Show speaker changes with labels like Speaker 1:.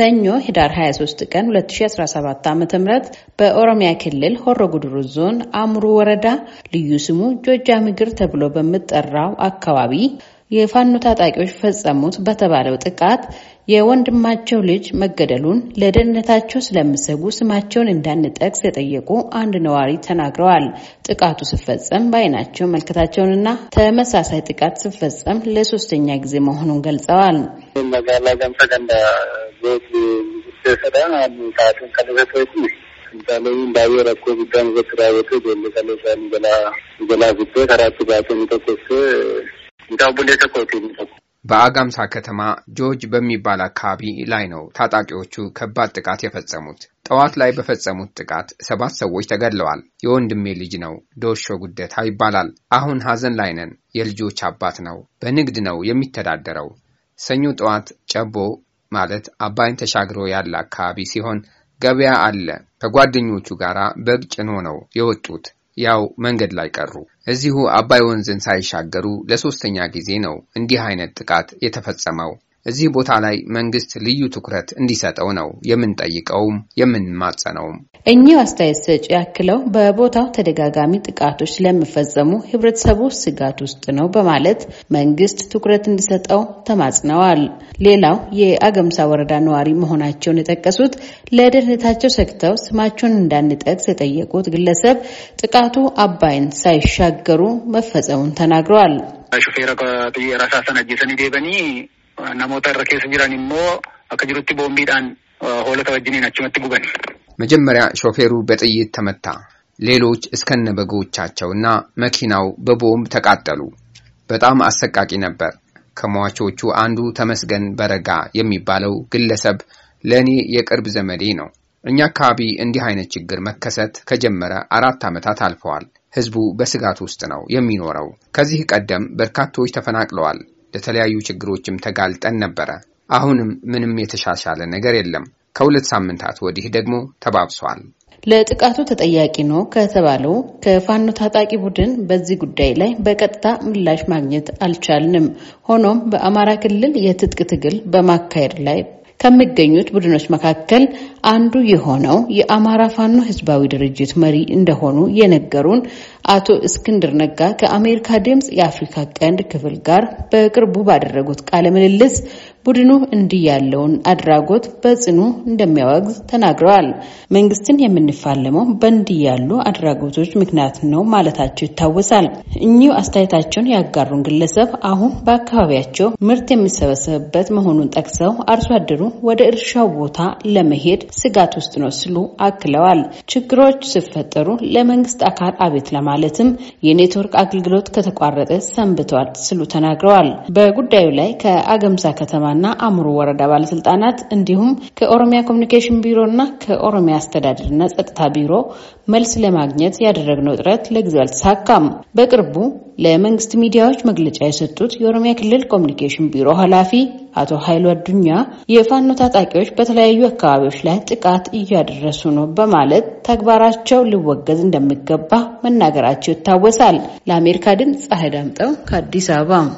Speaker 1: ሰኞ ህዳር 23 ቀን 2017 ዓ ም በኦሮሚያ ክልል ሆሮ ጉድሩ ዞን አሙሩ ወረዳ ልዩ ስሙ ጆጃ ምግር ተብሎ በሚጠራው አካባቢ የፋኖ ታጣቂዎች ፈጸሙት በተባለው ጥቃት የወንድማቸው ልጅ መገደሉን ለደህንነታቸው ስለሚሰጉ ስማቸውን እንዳንጠቅስ የጠየቁ አንድ ነዋሪ ተናግረዋል። ጥቃቱ ስፈጸም፣ በአይናቸው መልከታቸውንና ተመሳሳይ ጥቃት ሲፈጸም ለሶስተኛ ጊዜ መሆኑን ገልጸዋል።
Speaker 2: በአጋምሳ ከተማ ጆጅ በሚባል አካባቢ ላይ ነው ታጣቂዎቹ ከባድ ጥቃት የፈጸሙት። ጠዋት ላይ በፈጸሙት ጥቃት ሰባት ሰዎች ተገድለዋል። የወንድሜ ልጅ ነው። ዶሾ ጉደታ ይባላል። አሁን ሀዘን ላይ ነን። የልጆች አባት ነው። በንግድ ነው የሚተዳደረው። ሰኞ ጠዋት ጨቦ ማለት አባይን ተሻግሮ ያለ አካባቢ ሲሆን ገበያ አለ። ከጓደኞቹ ጋር በግ ጭኖ ነው የወጡት። ያው መንገድ ላይ ቀሩ። እዚሁ አባይ ወንዝን ሳይሻገሩ ለሶስተኛ ጊዜ ነው እንዲህ አይነት ጥቃት የተፈጸመው። እዚህ ቦታ ላይ መንግስት ልዩ ትኩረት እንዲሰጠው ነው የምንጠይቀውም የምንማጸነውም።
Speaker 1: እኚህ አስተያየት ሰጪ ያክለው በቦታው ተደጋጋሚ ጥቃቶች ስለሚፈጸሙ ህብረተሰቡ ስጋት ውስጥ ነው በማለት መንግስት ትኩረት እንዲሰጠው ተማጽነዋል። ሌላው የአገምሳ ወረዳ ነዋሪ መሆናቸውን የጠቀሱት ለደህንነታቸው ሰግተው ስማቸውን እንዳንጠቅስ የጠየቁት ግለሰብ ጥቃቱ አባይን ሳይሻገሩ መፈጸሙን ተናግረዋል።
Speaker 2: ሹፌራ ራሳ ደበኒ Ah, namoota irra keessa jiran immoo akka jirutti boombiidhaan ah, hoolota wajjiniin achumatti guban። መጀመሪያ ሾፌሩ በጥይት ተመታ። ሌሎች እስከነ በጎቻቸውና መኪናው በቦምብ ተቃጠሉ። በጣም አሰቃቂ ነበር። ከሟቾቹ አንዱ ተመስገን በረጋ የሚባለው ግለሰብ ለእኔ የቅርብ ዘመዴ ነው። እኛ አካባቢ እንዲህ አይነት ችግር መከሰት ከጀመረ አራት ዓመታት አልፈዋል። ሕዝቡ በስጋት ውስጥ ነው የሚኖረው። ከዚህ ቀደም በርካቶች ተፈናቅለዋል። ለተለያዩ ችግሮችም ተጋልጠን ነበረ። አሁንም ምንም የተሻሻለ ነገር የለም። ከሁለት ሳምንታት ወዲህ ደግሞ ተባብሷል።
Speaker 1: ለጥቃቱ ተጠያቂ ነው ከተባለው ከፋኖ ታጣቂ ቡድን በዚህ ጉዳይ ላይ በቀጥታ ምላሽ ማግኘት አልቻልንም። ሆኖም በአማራ ክልል የትጥቅ ትግል በማካሄድ ላይ ከሚገኙት ቡድኖች መካከል አንዱ የሆነው የአማራ ፋኖ ህዝባዊ ድርጅት መሪ እንደሆኑ የነገሩን አቶ እስክንድር ነጋ ከአሜሪካ ድምፅ የአፍሪካ ቀንድ ክፍል ጋር በቅርቡ ባደረጉት ቃለ ምልልስ ቡድኑ እንዲህ ያለውን አድራጎት በጽኑ እንደሚያወግዝ ተናግረዋል። መንግስትን የምንፋለመው በእንዲህ ያሉ አድራጎቶች ምክንያት ነው ማለታቸው ይታወሳል። እኚሁ አስተያየታቸውን ያጋሩን ግለሰብ አሁን በአካባቢያቸው ምርት የሚሰበሰብበት መሆኑን ጠቅሰው አርሶ አደሩ ወደ እርሻው ቦታ ለመሄድ ስጋት ውስጥ ነው ሲሉ አክለዋል። ችግሮች ሲፈጠሩ ለመንግስት አካል አቤት ለማለትም የኔትወርክ አገልግሎት ከተቋረጠ ሰንብተዋል ሲሉ ተናግረዋል። በጉዳዩ ላይ ከአገምዛ ከተማ ከተማና አእምሮ ወረዳ ባለስልጣናት እንዲሁም ከኦሮሚያ ኮሚኒኬሽን ቢሮና ከኦሮሚያ አስተዳደርና ጸጥታ ቢሮ መልስ ለማግኘት ያደረግነው ጥረት ለጊዜው አልተሳካም። በቅርቡ ለመንግስት ሚዲያዎች መግለጫ የሰጡት የኦሮሚያ ክልል ኮሚኒኬሽን ቢሮ ኃላፊ አቶ ኃይሉ አዱኛ የፋኖ ታጣቂዎች በተለያዩ አካባቢዎች ላይ ጥቃት እያደረሱ ነው በማለት ተግባራቸው ሊወገዝ እንደሚገባ መናገራቸው ይታወሳል። ለአሜሪካ ድምፅ ፀሐይ ዳምጠው ከአዲስ አበባ